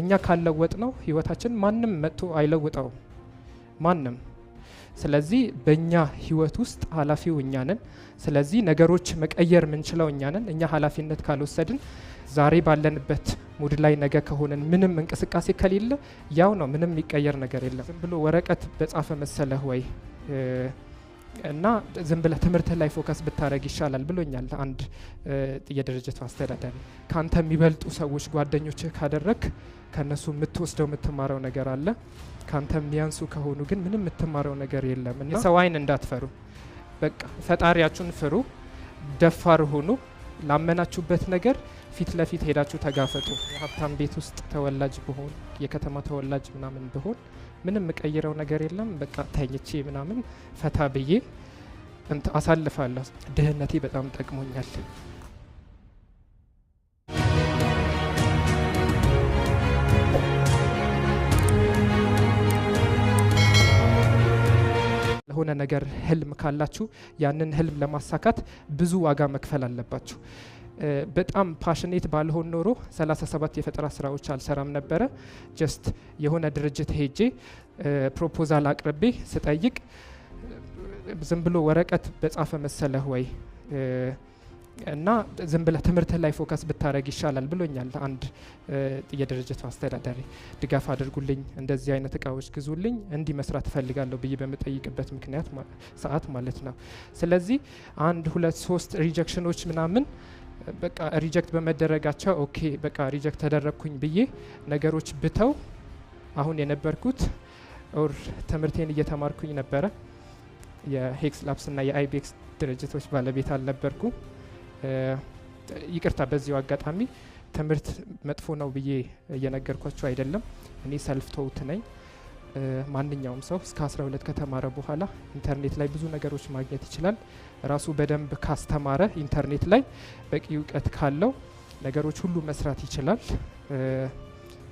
እኛ ካለወጥ ነው ህይወታችን ማንም መጥቶ አይለውጠውም። ማንም ስለዚህ በእኛ ህይወት ውስጥ ሀላፊው እኛንን ስለዚህ ነገሮች መቀየር የምንችለው እኛንን እኛ ኃላፊነት ካልወሰድን ዛሬ ባለንበት ሙድ ላይ ነገ ከሆነን ምንም እንቅስቃሴ ከሌለ ያው ነው፣ ምንም የሚቀየር ነገር የለም። ዝም ብሎ ወረቀት በጻፈ መሰለህ ወይ እና ዝም ብለህ ትምህርት ላይ ፎከስ ብታደረግ ይሻላል ብሎኛል አንድ የድርጅቱ አስተዳዳሪ። ከአንተ የሚበልጡ ሰዎች ጓደኞችህ ካደረግ ከእነሱ የምትወስደው የምትማረው ነገር አለ። ከአንተ የሚያንሱ ከሆኑ ግን ምንም የምትማረው ነገር የለም። እና የሰው አይን እንዳትፈሩ፣ በቃ ፈጣሪያችሁን ፍሩ፣ ደፋር ሁኑ። ላመናችሁበት ነገር ፊት ለፊት ሄዳችሁ ተጋፈጡ። የሀብታም ቤት ውስጥ ተወላጅ ብሆን የከተማ ተወላጅ ምናምን ብሆን ምንም የምቀይረው ነገር የለም። በቃ ተኝቼ ምናምን ፈታ ብዬ አሳልፋለሁ። ድህነቴ በጣም ጠቅሞኛል። ለሆነ ነገር ህልም ካላችሁ ያንን ህልም ለማሳካት ብዙ ዋጋ መክፈል አለባችሁ። በጣም ፓሽኔት ባልሆን ኖሮ 37 የፈጠራ ስራዎች አልሰራም ነበረ። ጀስት የሆነ ድርጅት ሄጄ ፕሮፖዛል አቅርቤ ስጠይቅ ዝም ብሎ ወረቀት በጻፈ መሰለህ ወይ እና ዝም ብለህ ትምህርት ላይ ፎከስ ብታደረግ ይሻላል ብሎኛል። አንድ የድርጅቱ አስተዳዳሪ ድጋፍ አድርጉልኝ፣ እንደዚህ አይነት እቃዎች ግዙልኝ፣ እንዲህ መስራት እፈልጋለሁ ብዬ በምጠይቅበት ምክንያት ሰዓት ማለት ነው። ስለዚህ አንድ ሁለት ሶስት ሪጀክሽኖች ምናምን በቃ ሪጀክት በመደረጋቸው ኦኬ በቃ ሪጀክት ተደረግኩኝ ብዬ ነገሮች ብተው አሁን የነበርኩት ኦር ትምህርቴን እየተማርኩኝ ነበረ። የሄክስ ላፕስ እና የአይቤክስ ድርጅቶች ባለቤት አልነበርኩ። ይቅርታ፣ በዚሁ አጋጣሚ ትምህርት መጥፎ ነው ብዬ እየነገርኳቸው አይደለም። እኔ ሰልፍ ተውት ነኝ። ማንኛውም ሰው እስከ 12 ከተማረ በኋላ ኢንተርኔት ላይ ብዙ ነገሮች ማግኘት ይችላል። ራሱ በደንብ ካስተማረ ኢንተርኔት ላይ በቂ እውቀት ካለው ነገሮች ሁሉ መስራት ይችላል።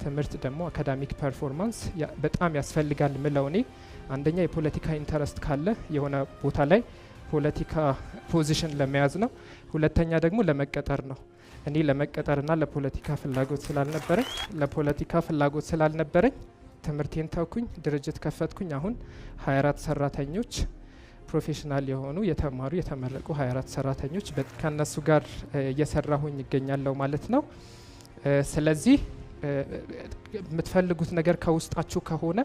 ትምህርት ደግሞ አካዳሚክ ፐርፎርማንስ በጣም ያስፈልጋል ምለው እኔ አንደኛ የፖለቲካ ኢንተረስት ካለ የሆነ ቦታ ላይ ፖለቲካ ፖዚሽን ለመያዝ ነው። ሁለተኛ ደግሞ ለመቀጠር ነው። እኔ ለመቀጠርና ለፖለቲካ ፍላጎት ስላልነበረኝ ለፖለቲካ ፍላጎት ስላልነበረኝ ትምህርቴን ተኩኝ፣ ድርጅት ከፈትኩኝ። አሁን 24 ሰራተኞች ፕሮፌሽናል የሆኑ የተማሩ የተመረቁ 24 ሰራተኞች ከነሱ ጋር እየሰራሁኝ ይገኛለሁ ማለት ነው። ስለዚህ የምትፈልጉት ነገር ከውስጣችሁ ከሆነ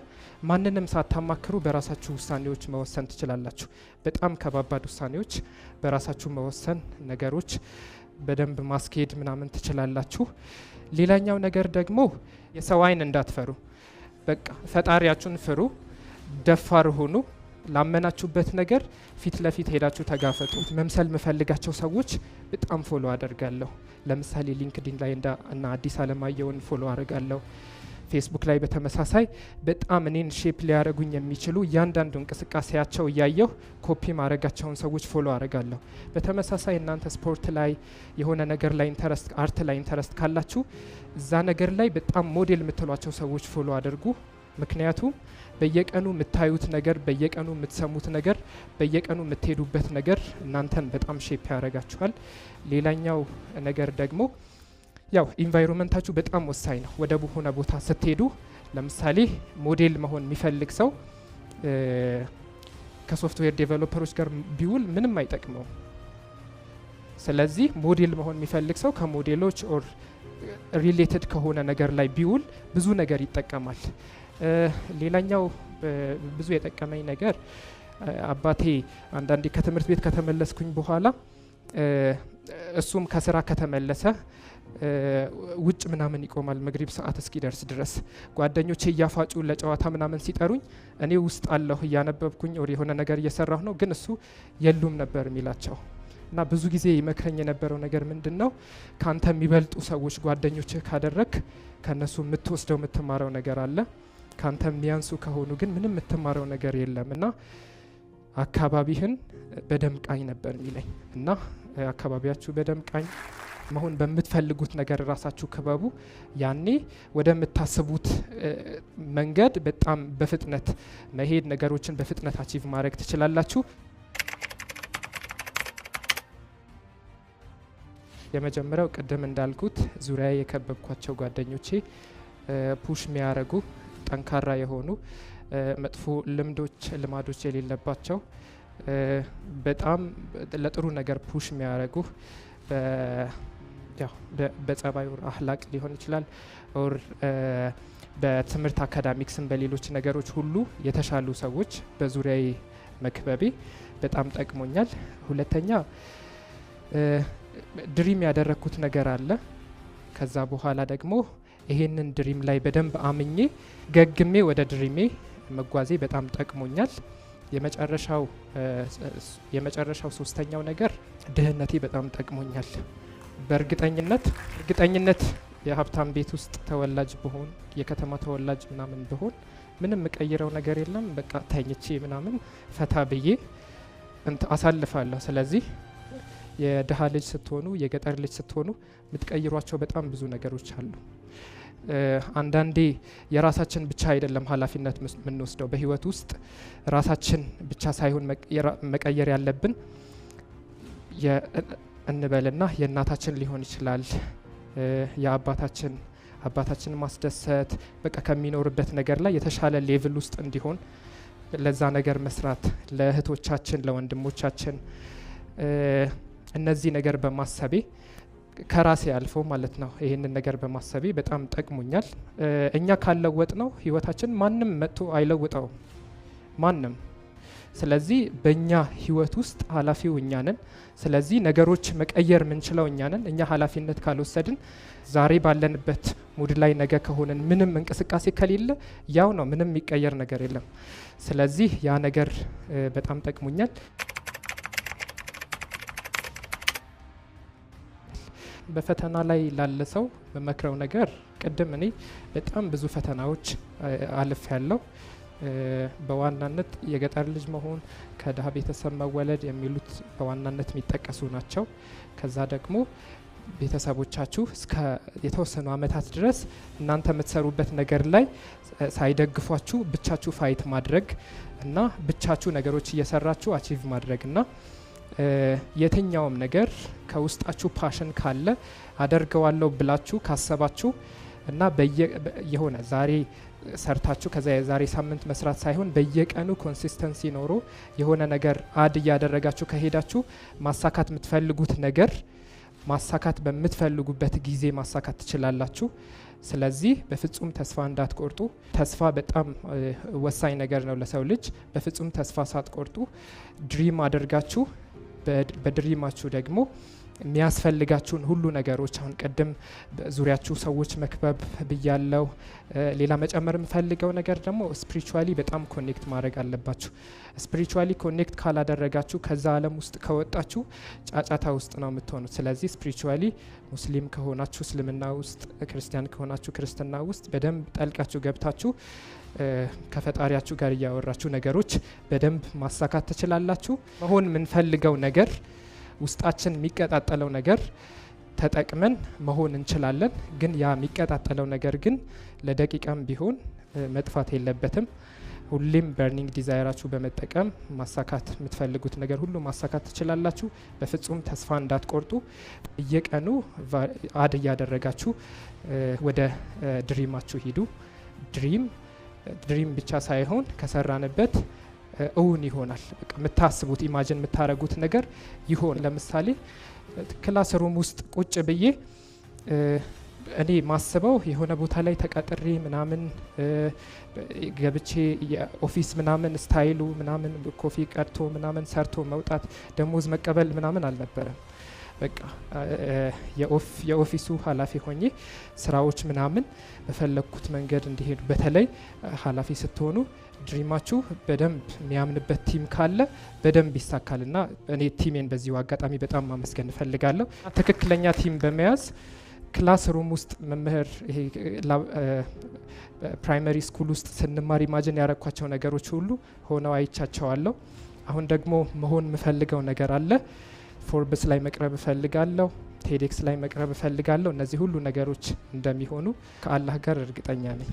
ማንንም ሳታማክሩ በራሳችሁ ውሳኔዎች መወሰን ትችላላችሁ። በጣም ከባባድ ውሳኔዎች በራሳችሁ መወሰን ነገሮች በደንብ ማስኬድ ምናምን ትችላላችሁ። ሌላኛው ነገር ደግሞ የሰው አይን እንዳትፈሩ። በቃ ፈጣሪያችሁን ፍሩ፣ ደፋር ሁኑ። ላመናችሁበት ነገር ፊት ለፊት ሄዳችሁ ተጋፈጡ። መምሰል የምፈልጋቸው ሰዎች በጣም ፎሎ አደርጋለሁ። ለምሳሌ ሊንክዲን ላይ እና አዲስ አለማየሁን ፎሎ አድርጋለሁ። ፌስቡክ ላይ በተመሳሳይ በጣም እኔን ሼፕ ሊያደርጉኝ የሚችሉ እያንዳንዱ እንቅስቃሴያቸው እያየሁ ኮፒ ማድረጋቸውን ሰዎች ፎሎ አደርጋለሁ። በተመሳሳይ እናንተ ስፖርት ላይ የሆነ ነገር ላይ ኢንተረስት፣ አርት ላይ ኢንተረስት ካላችሁ እዛ ነገር ላይ በጣም ሞዴል የምትሏቸው ሰዎች ፎሎ አድርጉ። ምክንያቱም በየቀኑ የምታዩት ነገር፣ በየቀኑ የምትሰሙት ነገር፣ በየቀኑ የምትሄዱበት ነገር እናንተን በጣም ሼፕ ያደርጋችኋል። ሌላኛው ነገር ደግሞ ያው ኢንቫይሮንመንታችሁ በጣም ወሳኝ ነው። ወደ በሆነ ቦታ ስትሄዱ ለምሳሌ ሞዴል መሆን የሚፈልግ ሰው ከሶፍትዌር ዴቨሎፐሮች ጋር ቢውል ምንም አይጠቅመው። ስለዚህ ሞዴል መሆን የሚፈልግ ሰው ከሞዴሎች ኦር ሪሌትድ ከሆነ ነገር ላይ ቢውል ብዙ ነገር ይጠቀማል። ሌላኛው ብዙ የጠቀመኝ ነገር አባቴ አንዳንዴ ከትምህርት ቤት ከተመለስኩኝ በኋላ እሱም ከስራ ከተመለሰ ውጭ ምናምን ይቆማል መግሪብ ሰዓት እስኪደርስ ድረስ ጓደኞቼ እያፋጩ ለጨዋታ ምናምን ሲጠሩኝ እኔ ውስጥ አለሁ እያነበብኩኝ ወር የሆነ ነገር እየሰራሁ ነው፣ ግን እሱ የሉም ነበር የሚላቸው እና ብዙ ጊዜ ይመክረኝ የነበረው ነገር ምንድን ነው ከአንተ የሚበልጡ ሰዎች ጓደኞችህ ካደረግ ከእነሱ የምትወስደው የምትማረው ነገር አለ። ከአንተ የሚያንሱ ከሆኑ ግን ምንም የምትማረው ነገር የለም እና አካባቢህን በደም ቃኝ ነበር የሚለኝ እና አካባቢያችሁ በደም ቃኝ መሆን በምትፈልጉት ነገር ራሳችሁ ክበቡ። ያኔ ወደምታስቡት መንገድ በጣም በፍጥነት መሄድ፣ ነገሮችን በፍጥነት አቺቭ ማድረግ ትችላላችሁ። የመጀመሪያው ቅድም እንዳልኩት ዙሪያ የከበብኳቸው ጓደኞቼ ፑሽ የሚያደርጉ ጠንካራ የሆኑ መጥፎ ልምዶች፣ ልማዶች የሌለባቸው በጣም ለጥሩ ነገር ፑሽ የሚያደርጉ በጸባዩ አህላቅ ሊሆን ይችላል ር በትምህርት አካዳሚክስም በሌሎች ነገሮች ሁሉ የተሻሉ ሰዎች በዙሪያዊ መክበቤ በጣም ጠቅሞኛል። ሁለተኛ ድሪም ያደረግኩት ነገር አለ። ከዛ በኋላ ደግሞ ይሄንን ድሪም ላይ በደንብ አምኜ ገግሜ ወደ ድሪሜ መጓዜ በጣም ጠቅሞኛል። የመጨረሻው ሶስተኛው ነገር ድህነቴ በጣም ጠቅሞኛል። በእርግጠኝነት እርግጠኝነት የሀብታም ቤት ውስጥ ተወላጅ ብሆን የከተማ ተወላጅ ምናምን ብሆን ምንም የምቀይረው ነገር የለም። በቃ ተኝቼ ምናምን ፈታ ብዬ አሳልፋለሁ። ስለዚህ የድሃ ልጅ ስትሆኑ፣ የገጠር ልጅ ስትሆኑ የምትቀይሯቸው በጣም ብዙ ነገሮች አሉ። አንዳንዴ የራሳችን ብቻ አይደለም ኃላፊነት የምንወስደው በህይወት ውስጥ ራሳችን ብቻ ሳይሆን መቀየር ያለብን እንበልና የእናታችን ሊሆን ይችላል የአባታችን አባታችን ማስደሰት በቃ ከሚኖርበት ነገር ላይ የተሻለ ሌቭል ውስጥ እንዲሆን ለዛ ነገር መስራት ለእህቶቻችን ለወንድሞቻችን እነዚህ ነገር በማሰቤ ከራሴ አልፎ ማለት ነው ይህንን ነገር በማሰቤ በጣም ጠቅሙኛል። እኛ ካልለወጥ ነው ህይወታችን ማንም መጥቶ አይለውጠውም ማንም። ስለዚህ በእኛ ህይወት ውስጥ ኃላፊው እኛ ነን። ስለዚህ ነገሮች መቀየር የምንችለው እኛ ነን። እኛ ኃላፊነት ካልወሰድን ዛሬ ባለንበት ሙድ ላይ ነገ ከሆነን ምንም እንቅስቃሴ ከሌለ ያው ነው፣ ምንም የሚቀየር ነገር የለም። ስለዚህ ያ ነገር በጣም ጠቅሙኛል። በፈተና ላይ ላለ ሰው በመክረው ነገር ቅድም እኔ በጣም ብዙ ፈተናዎች አልፍ ያለው በዋናነት የገጠር ልጅ መሆን፣ ከድሀ ቤተሰብ መወለድ የሚሉት በዋናነት የሚጠቀሱ ናቸው። ከዛ ደግሞ ቤተሰቦቻችሁ እስከ የተወሰኑ ዓመታት ድረስ እናንተ የምትሰሩበት ነገር ላይ ሳይደግፏችሁ ብቻችሁ ፋይት ማድረግ እና ብቻችሁ ነገሮች እየሰራችሁ አቺቭ ማድረግ እና የትኛውም ነገር ከውስጣችሁ ፓሽን ካለ አደርገዋለሁ ብላችሁ ካሰባችሁ እና የሆነ ዛሬ ሰርታችሁ ከዛ የዛሬ ሳምንት መስራት ሳይሆን በየቀኑ ኮንሲስተንሲ ኖሮ የሆነ ነገር አድ እያደረጋችሁ ከሄዳችሁ ማሳካት የምትፈልጉት ነገር ማሳካት በምትፈልጉበት ጊዜ ማሳካት ትችላላችሁ። ስለዚህ በፍጹም ተስፋ እንዳትቆርጡ። ተስፋ በጣም ወሳኝ ነገር ነው ለሰው ልጅ። በፍጹም ተስፋ ሳትቆርጡ ድሪም አድርጋችሁ በድሪማችሁ ደግሞ የሚያስፈልጋችሁን ሁሉ ነገሮች አሁን ቅድም በዙሪያችሁ ሰዎች መክበብ ብያለው። ሌላ መጨመር የምፈልገው ነገር ደግሞ ስፒሪቹዋሊ በጣም ኮኔክት ማድረግ አለባችሁ። ስፒሪቹዋሊ ኮኔክት ካላደረጋችሁ ከዛ ዓለም ውስጥ ከወጣችሁ ጫጫታ ውስጥ ነው የምትሆኑት። ስለዚህ ስፒሪቹዋሊ ሙስሊም ከሆናችሁ እስልምና ውስጥ፣ ክርስቲያን ከሆናችሁ ክርስትና ውስጥ በደንብ ጠልቃችሁ ገብታችሁ ከፈጣሪያችሁ ጋር እያወራችሁ ነገሮች በደንብ ማሳካት ትችላላችሁ። መሆን የምንፈልገው ነገር ውስጣችን የሚቀጣጠለው ነገር ተጠቅመን መሆን እንችላለን። ግን ያ የሚቀጣጠለው ነገር ግን ለደቂቃም ቢሆን መጥፋት የለበትም። ሁሌም በርኒንግ ዲዛይራችሁ በመጠቀም ማሳካት የምትፈልጉት ነገር ሁሉ ማሳካት ትችላላችሁ። በፍጹም ተስፋ እንዳትቆርጡ፣ እየቀኑ አድ እያደረጋችሁ ወደ ድሪማችሁ ሂዱ። ድሪም ድሪም ብቻ ሳይሆን ከሰራንበት እውን ይሆናል። የምታስቡት ኢማጅን የምታረጉት ነገር ይሆን። ለምሳሌ ክላስ ሩም ውስጥ ቁጭ ብዬ እኔ ማስበው የሆነ ቦታ ላይ ተቀጥሬ ምናምን ገብቼ የኦፊስ ምናምን ስታይሉ ምናምን ኮፊ ቀርቶ ምናምን ሰርቶ መውጣት ደሞዝ መቀበል ምናምን አልነበረም። በቃ የኦፊሱ ኃላፊ ሆኜ ስራዎች ምናምን በፈለግኩት መንገድ እንዲሄዱ በተለይ ኃላፊ ስትሆኑ ድሪማችሁ በደንብ የሚያምንበት ቲም ካለ በደንብ ይሳካል እና እኔ ቲሜን በዚሁ አጋጣሚ በጣም ማመስገን እፈልጋለሁ። ትክክለኛ ቲም በመያዝ ክላስ ሩም ውስጥ መምህር ፕራይመሪ ስኩል ውስጥ ስንማር ኢማጅን ያረኳቸው ነገሮች ሁሉ ሆነው አይቻቸዋለሁ። አሁን ደግሞ መሆን የምፈልገው ነገር አለ። ፎርብስ ላይ መቅረብ እፈልጋለሁ፣ ቴዴክስ ላይ መቅረብ እፈልጋለሁ። እነዚህ ሁሉ ነገሮች እንደሚሆኑ ከአላህ ጋር እርግጠኛ ነኝ።